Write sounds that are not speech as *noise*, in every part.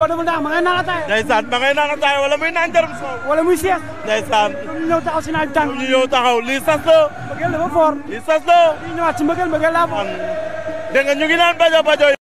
Double Ndax ma ngay naan ataaya. ndeysaan ma ngay naan ataaya wala muy naan jarum soow. wala muy seet. ndeysaan ñu ñëw taxaw la. mbëggeel dafa foor. lii sas la. ñu ñëwaat ci bajo bajo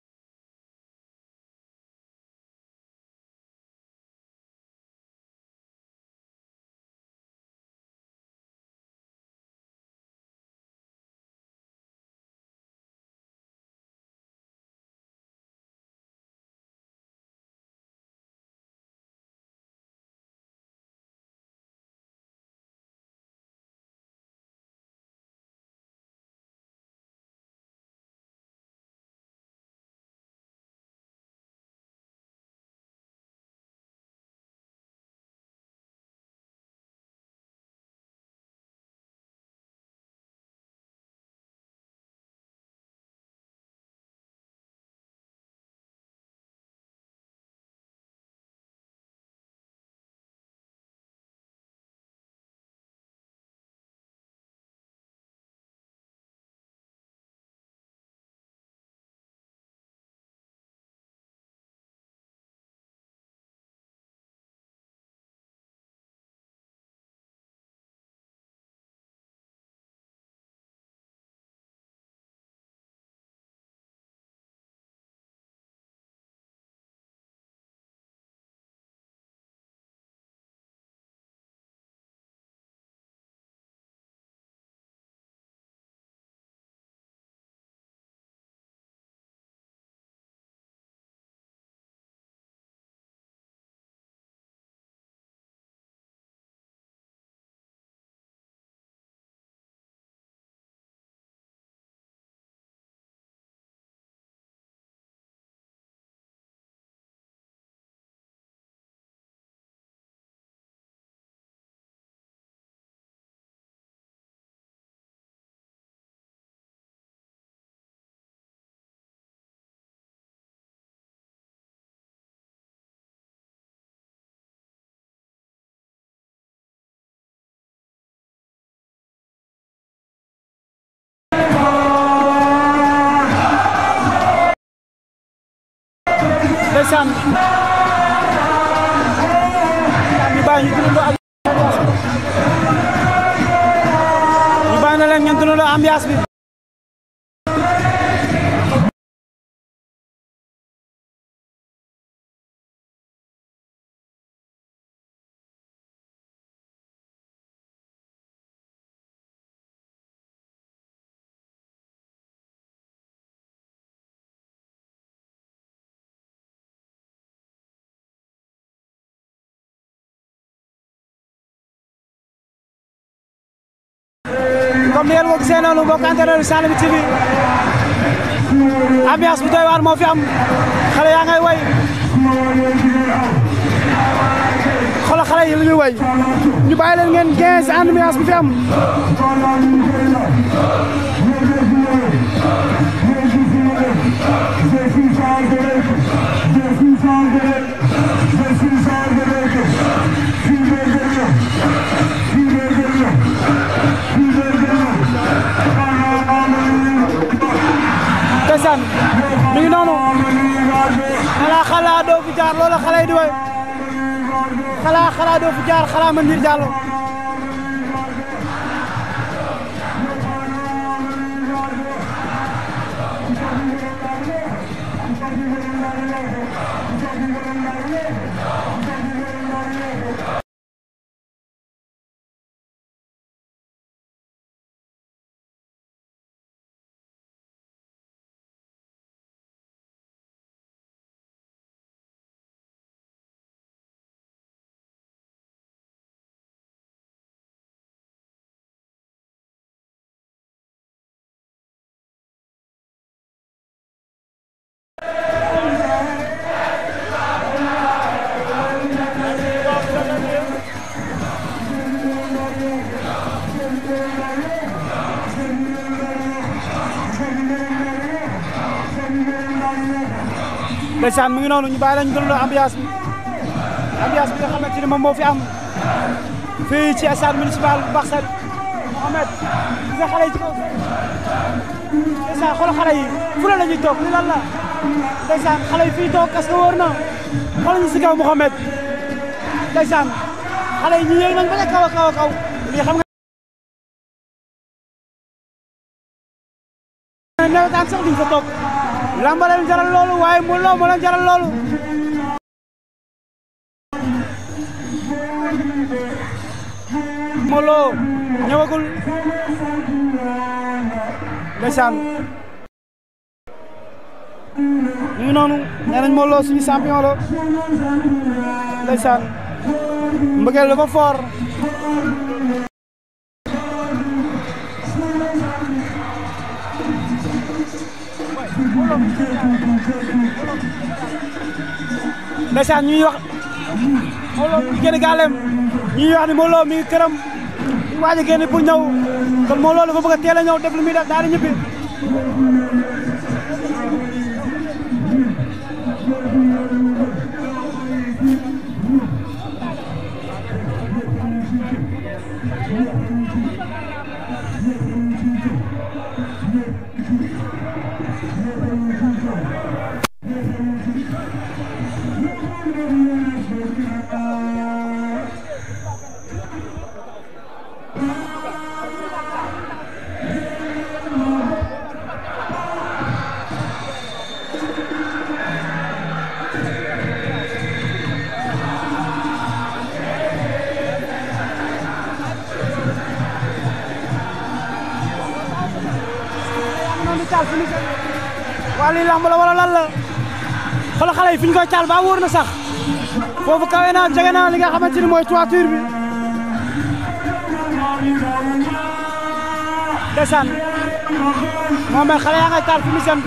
ndeysaan ñu bàyyi ñu dundandoo ak ambiance bi ñu bàyyi na leen ngeen dundandoo ambiance bi comme ni ngeen ko gisee noonu mbokk antenne Saint-Louis TV ambiance bu doy waar moo fi am xale yaa ngay way xoolal xale yi lu way ñu bàyyi leen ngeen 15 ambiance bu fi am. jaar loola xale yi di way xalaa xalaa doo fi jaar xalaa man ngir ndeysaan mu ngi noonu ñu bàyyi la ñu gën a ambiance bi ambiance bi nga xamante fi am ci stade municipal bu Mohamed gis nga xale yi la ñuy toog li lan la ndeysaan xale yi kas na wóor na si kaw Mohamed ndeysaan xale yi ñu nañ ba ca kaw a kaw nga lamba leen jaral loolu waaye Modou Lo moo leen jaral loolu Modou Lo ñëwagul ndeysaan ñu ngi noonu nee nañ Modou Lo la ndeysaan ndeysaan ñuy wax Modou Lo mi gaaleem ñuy wax ni Modou Lo mi këram ñu waaj a génn pour ñëw kon Modou Lo dafa bëgg a lu muy def daal ñibbi hôpital ba wóor na sax foofu kawe naa jege naa li nga xamante ni mooy toiture bi ndeysaan moom it xale yaa ngay taal fi mu seen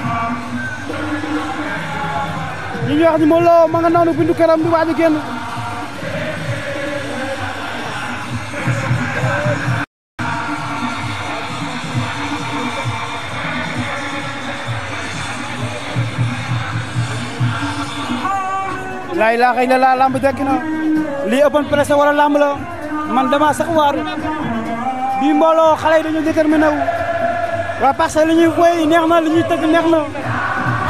ñi ni Modou ma nga noonu bindu këram di waaj a laa ilaaha illa laa lamb na lii open presse wala lamb la man dama sax bii mbooloo xale yi dañoo na wu waaw parce que li ñuy woy neex na li ñuy tëgg neex na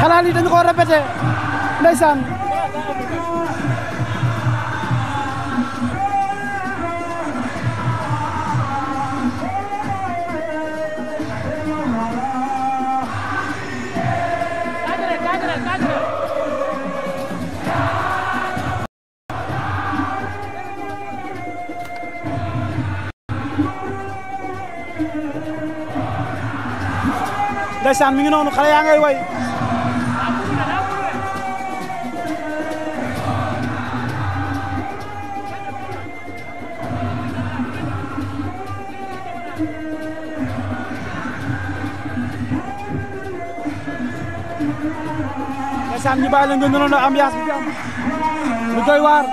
xanaa lii dañu ko répété ndeysaan ndeysaan mi ngi noonu xale yaa ngay way ndeysaan ñu bàyyi la nga noonu ambiance bi fi am lu doy waar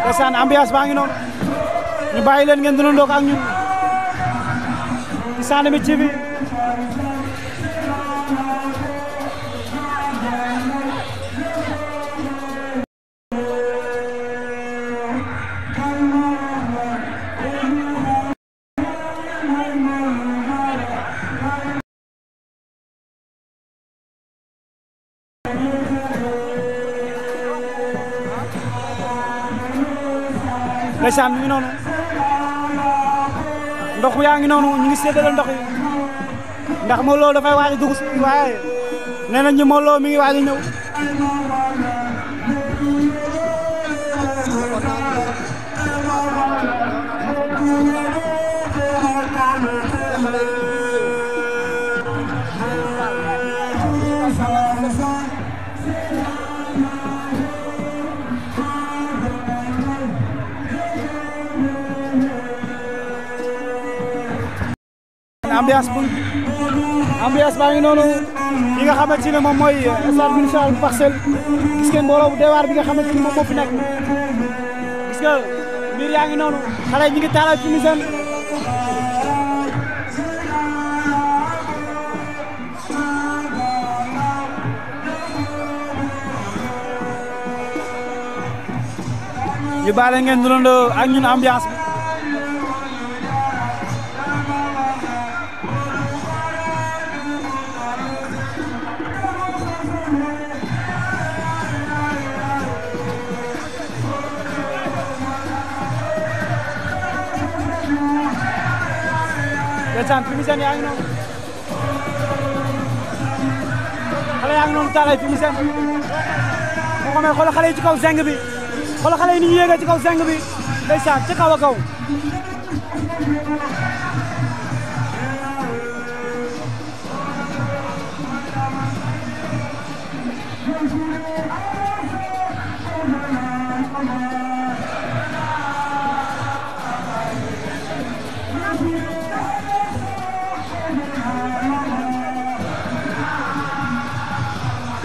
ndeysaan ambiance baa ngi noonu ñu bàyyi leen ngeen dundoon ak ñun ci Sané mi TV ndeysaan mi ngi noonu ndox yaa ngi noonu ñu ngi séddale ndox yi ndax Modou Lo dafay waaj a dugg si waaye nee nañ ñu mi ngi waaj a ñëw ambiance bu ambiance baa ngi noonu yi nga xamante ne moom mooy stade municipal bu parcelle gis ngeen mbooloo bu deewaar bi nga xamante ne moom moo fi nekk gis nga mbir yaa ngi noonu xale yi ñu ngi taalal ci miseen baale ngeen dundandoo ak ñun ambiance bi ndeysaan Primizène yaa ngi noonu xale yaa ngi noonu taalay Primizène boo xamee xoolal xale yi ci kaw zeng bi xoolal xale yi ni ñu ci kaw zeng bi ndeysaan ci kaw a kaw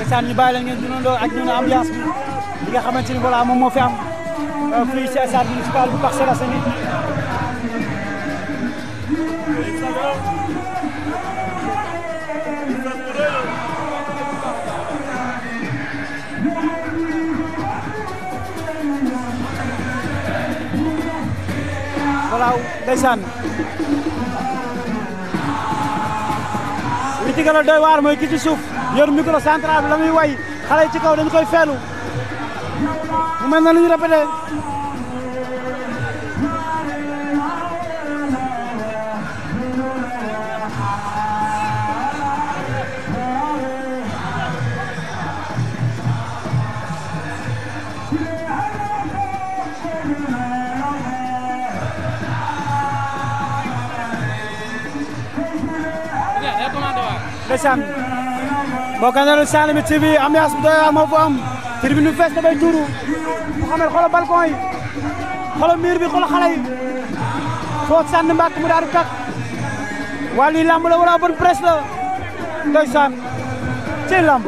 ndeysaan ñu bàyyi leen ngeen dundandoo ak ñun ambiance bi li nga xamante ni voilà moom moo fi am euh, fii ci stade municipal bu Parcelles Assainies waaw ndeysaan li ci gën a doy waar mooy ki suuf yor micro central bi la way xale yi ci kaw dañ ko feelu mu mel na lu ñu répété Desane mbokk yi Saint-Louis TV ambiance bu moo fa am tribune bi fees tuuru mu xamal xoolal yi xoolal miir bi xoolal xale yi foo sànni mu daal di tàkk waa lii lamb la wala doy saan ci lamb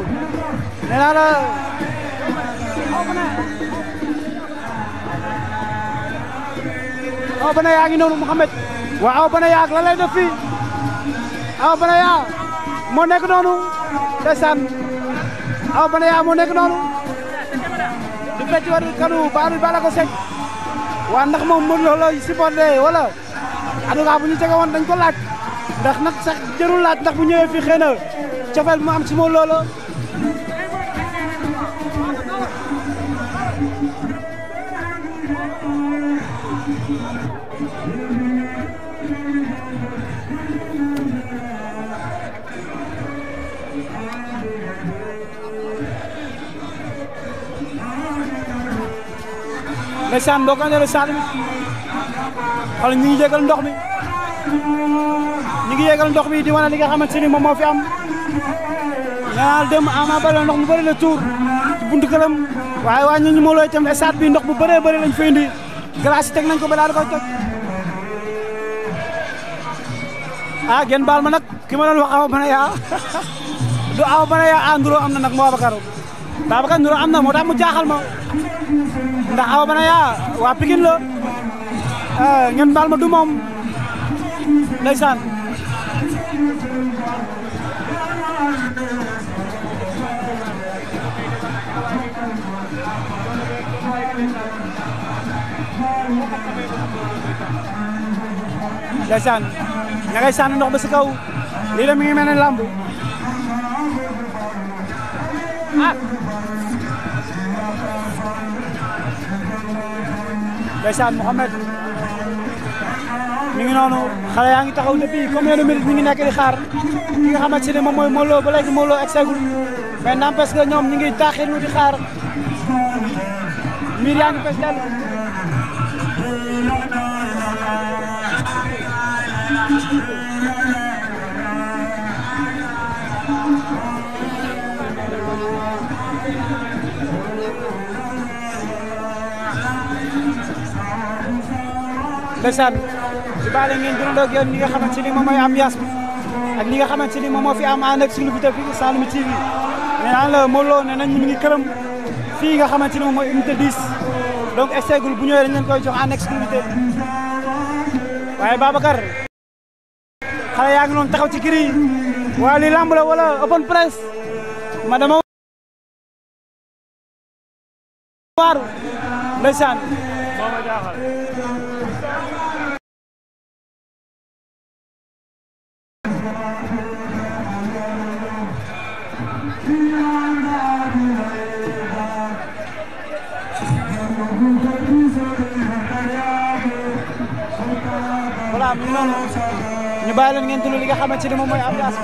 nee naa la aw bana yaa ngi noonu Mouhamed waaw aw bana yaa la lay def fii aw bana yaa moo nekk noonu ndeysaan aw ba ne yaa moo nekk noonu di fecc war kanu baalu bala ko sekk waa ndax moom mën loolu supporté wala en tout dañ ko laaj ndax nag sax jërul laaj ndax mu ñëwee fii xëy na cofeel mu am si moom ndeysaan mbokk yi ndeysaan xool ñu ngi yégal ndox mi ñu ngi ndox mi di wane li nga xamante ni moom moo fi am ñaar dem Ama Baldé ndox mu bëri la tuur buntu këram waaye waa ñu ñu moo looy itam bi ndox bu bëree bëri lañ fay indi teg nañ ko ba daal koy toj ah gen baal ma nag ki ma doon wax aw bana yaa *laughs* du aw bana yaa ànduroo am na nag moo Abakar Babacar Ndiour am na moo tax jaaxal ma ndax Awa Banaya waa Pikine la eh, ngeen baal ma du moom ndeysaan ndeysaan ña ngay sànni ndox ba si kaw ngi mel ne ndeysaan Mouhamed mi ngi noonu xale yaa ngi taxaw depuis combien de minutes ñu ngi nekk di xaar ki nga xamante ne moom mooy Modou Lo ba léegi Modou que ñoom ñu ngi taaxirlu di xaar miir yaa ngi fes ndeysaan di baale ngeen dundandoo ak yéen ñi nga xamante ni moom mooy ambiance bi ak li nga xamante ni moom moo fi am ànd ak suñu butéel fii Saloum TV nee naa la Modou Lo nee nañ mi ngi këram fii nga xamante ni moom mooy unité 10 donc exegul bu ñëwee dañ leen koy jox en exclusivité waaye Babacar xale yaa ngi noonu taxaw ci kër yi waaye li lamb la wala open press ma dama waaw ñu noonu ñu bàyyi leen ngeen dund li nga xamante ni moom mooy ambiance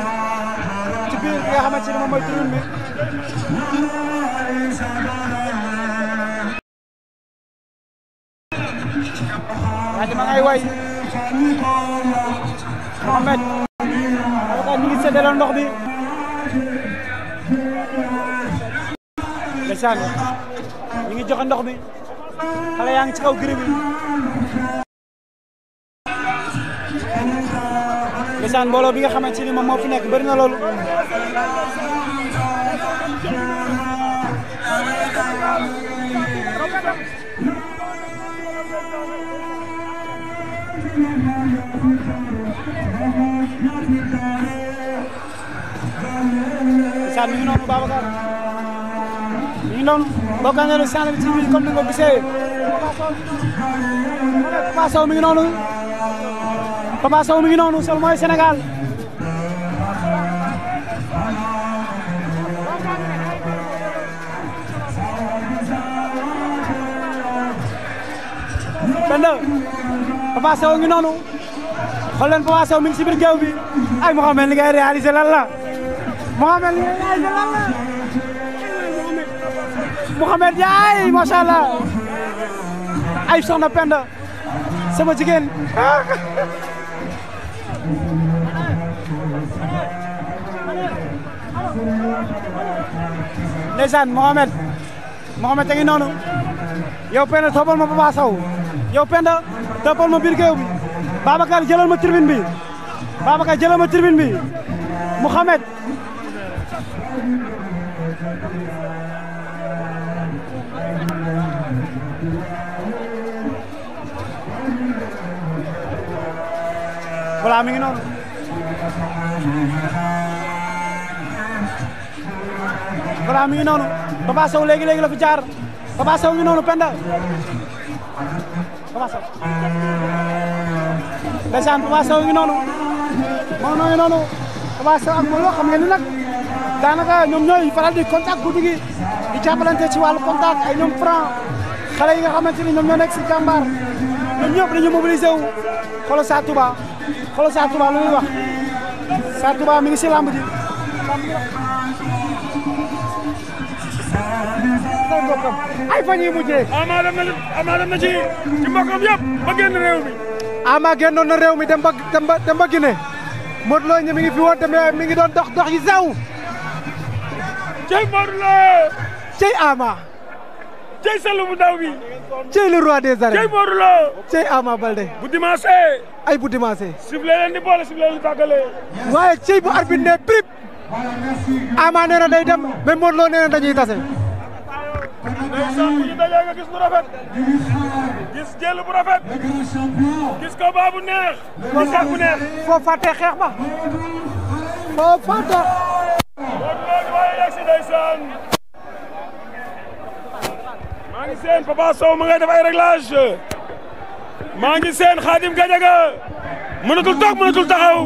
ci biir li nga xamante ni moom bi. waa dama ndox bi. ndeysaan ngi joxe ndox bi xale yaa ci kaw gërëm yi. ndeysaan mbooloo bi nga xamante ni moom moo fi nekk bëri na loolu ndeysaan mi ngi noonu Babacar mi ngi noonu bokk na lu Saint-Louis TV comme ni nga ko gisee Papa Sow mi ngi noonu Papa Sow mi ngi noonu sol mooy Sénégal benn Papa Sow ngi noonu xool leen Papa Sow mi ngi si biir bi ay Mouhamed li ngay réalisé lan la Mouhamed li ngay réalisé lan la Mouhamed yaay macha allah ay soxna Penda sama jigéen ndeysaan Mohamed Mohamed a ngi noonu yow Penda toppal ma Papa Sow yow Penda toppal ma biir géew bi Babacar jëlal ma tribune bi Babacar jëlal ma tribune bi Mohamed Franc mi ngi mi ngi noonu Papa Sow léegi léegi fi jaar Papa Sow ngi noonu Penda Papa Sow ndeysaan Papa Sow ngi noonu moom noo noonu Papa Sow ak Modou Lo xam ngeen ni nag daanaka faral di contact guddi gi di ci wàllu contact ay ñoom Franc xale yi nga xamante ni ñoom ñoo nekk si jàmbaar ñoom ñëpp dañu mobilisé wu xoolal saa Touba xoolal Sa Touba wax Sa mi ngi si làmb ji ay fan yii mujjee. Ama na Ama dem na ci ci mbokkam réew mi. Ama na réew mi dem ba dem ba dem ba Guinée Modou Lo mi ngi fi woon demee mi ngi doon dox dox yi sew. cey Modou Lo cey Ama. cey sellu bu ndaw bi cey le roi des arènes cey Modou Lo cey Ama Baldé bu dimanche ay bu dimanche sifflé boole sifflé leen waaye cey bu arbitre ne prip Ama day dem mais Modou Lo dañuy tase ndeysaan bu ñu dajee nga gis lu rafet gis jël bu rafet gis ko baabu neex gis sax bu neex foo xeex ba foo fàtte Modou Lo di waaye yegsi ndeysaan maa ngi seen Papa Sow ma ngay def ay réglage maa ngi seen Khadim Gadiaga mënatul toog mënatul taxaw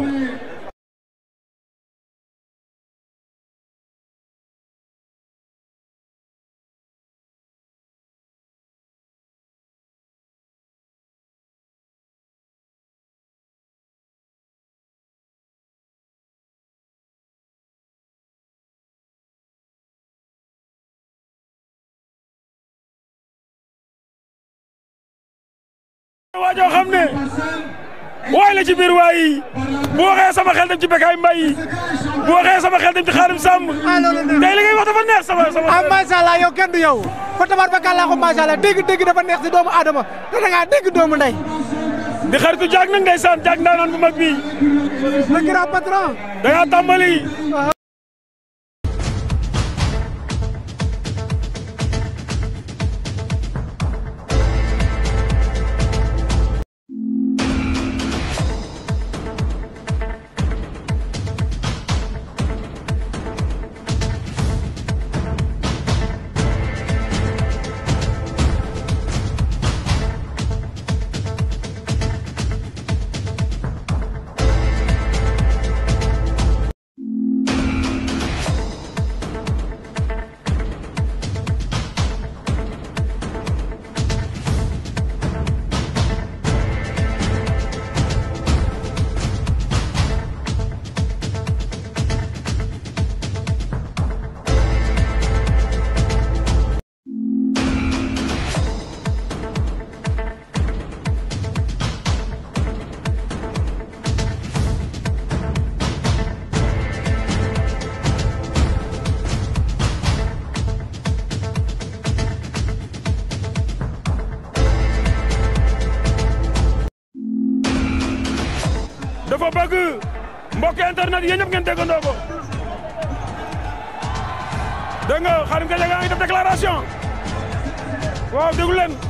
waajoo xam ne waay ci biir waay bu waxee sama xel dem ci Bécaye Mbaye bu waxee sama xel dem ci Xaadim Samb tey li ngay wax neex sama sama ah macha allah yow kenn du yow fa tabar ba kàllaaxu macha allah dégg-dégg dafa neex si doomu aadama te da ngaa dégg doomu ndey di xaritu jaag nag ndeysaan jaag ndaanaan bu mag bii le grand tàmbali ah. lépp ngeen déggandoo ko dégg nga Khadim Gadiaga ngi def déclaration waaw déglu leen